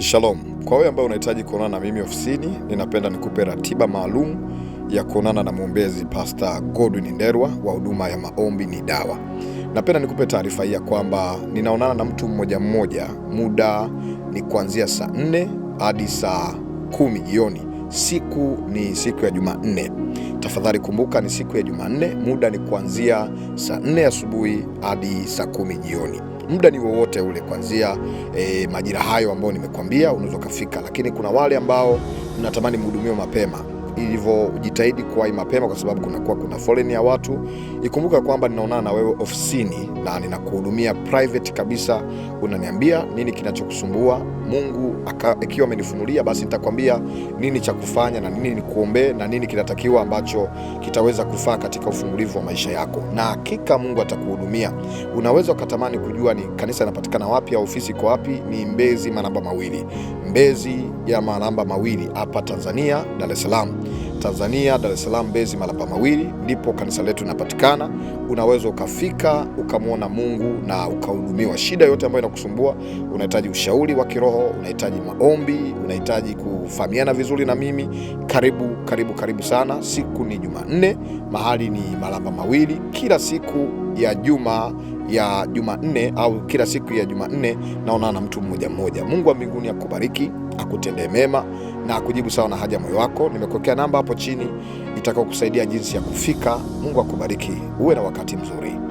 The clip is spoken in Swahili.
Shalom. Kwa wewe ambaye unahitaji kuonana na mimi ofisini, ninapenda nikupe ratiba maalum ya kuonana na mwombezi Pastor Godwin Ndelwa wa huduma ya maombi ni dawa. Napenda nikupe taarifa hii ya kwamba ninaonana na mtu mmoja mmoja, muda ni kuanzia saa nne hadi saa kumi jioni. Siku ni siku ya Jumanne. Tafadhali kumbuka ni siku ya Jumanne, muda ni kuanzia saa nne asubuhi hadi saa kumi jioni muda ni wowote ule, kuanzia e, majira hayo ambayo nimekuambia unaweza ukafika, lakini kuna wale ambao mnatamani mhudumiwe mapema ilivyojitahidi kuwahi mapema, kwa sababu kunakuwa kuna, kuna foleni ya watu. Ikumbuka kwamba ninaonana na wewe ofisini na ninakuhudumia private kabisa, unaniambia nini kinachokusumbua. Mungu ikiwa amenifunulia, basi nitakwambia nini cha kufanya na nini nikuombee na nini kinatakiwa ambacho kitaweza kufaa katika ufungulivu wa maisha yako, na hakika Mungu atakuhudumia. Unaweza ukatamani kujua ni kanisa linapatikana wapi au ofisi iko wapi? Ni Mbezi Manamba Mawili, Mbezi ya Manamba Mawili hapa Tanzania, Dar es Salaam. Tanzania, Dar es Salaam, Mbezi, Malapa Mawili, ndipo kanisa letu linapatikana. Unaweza ukafika ukamwona Mungu na ukahudumiwa. Shida yote ambayo inakusumbua, unahitaji ushauri wa kiroho, unahitaji maombi, unahitaji kufahamiana vizuri na mimi, karibu karibu karibu sana. Siku ni Jumanne, mahali ni Malapa Mawili, kila siku ya juma ya Jumanne au kila siku ya Jumanne naonana na mtu mmoja mmoja. Mungu wa mbinguni akubariki, akutendee mema na kujibu sawa na haja moyo wako. Nimekuwekea namba hapo chini itakayokusaidia jinsi ya kufika. Mungu akubariki, uwe na wakati mzuri.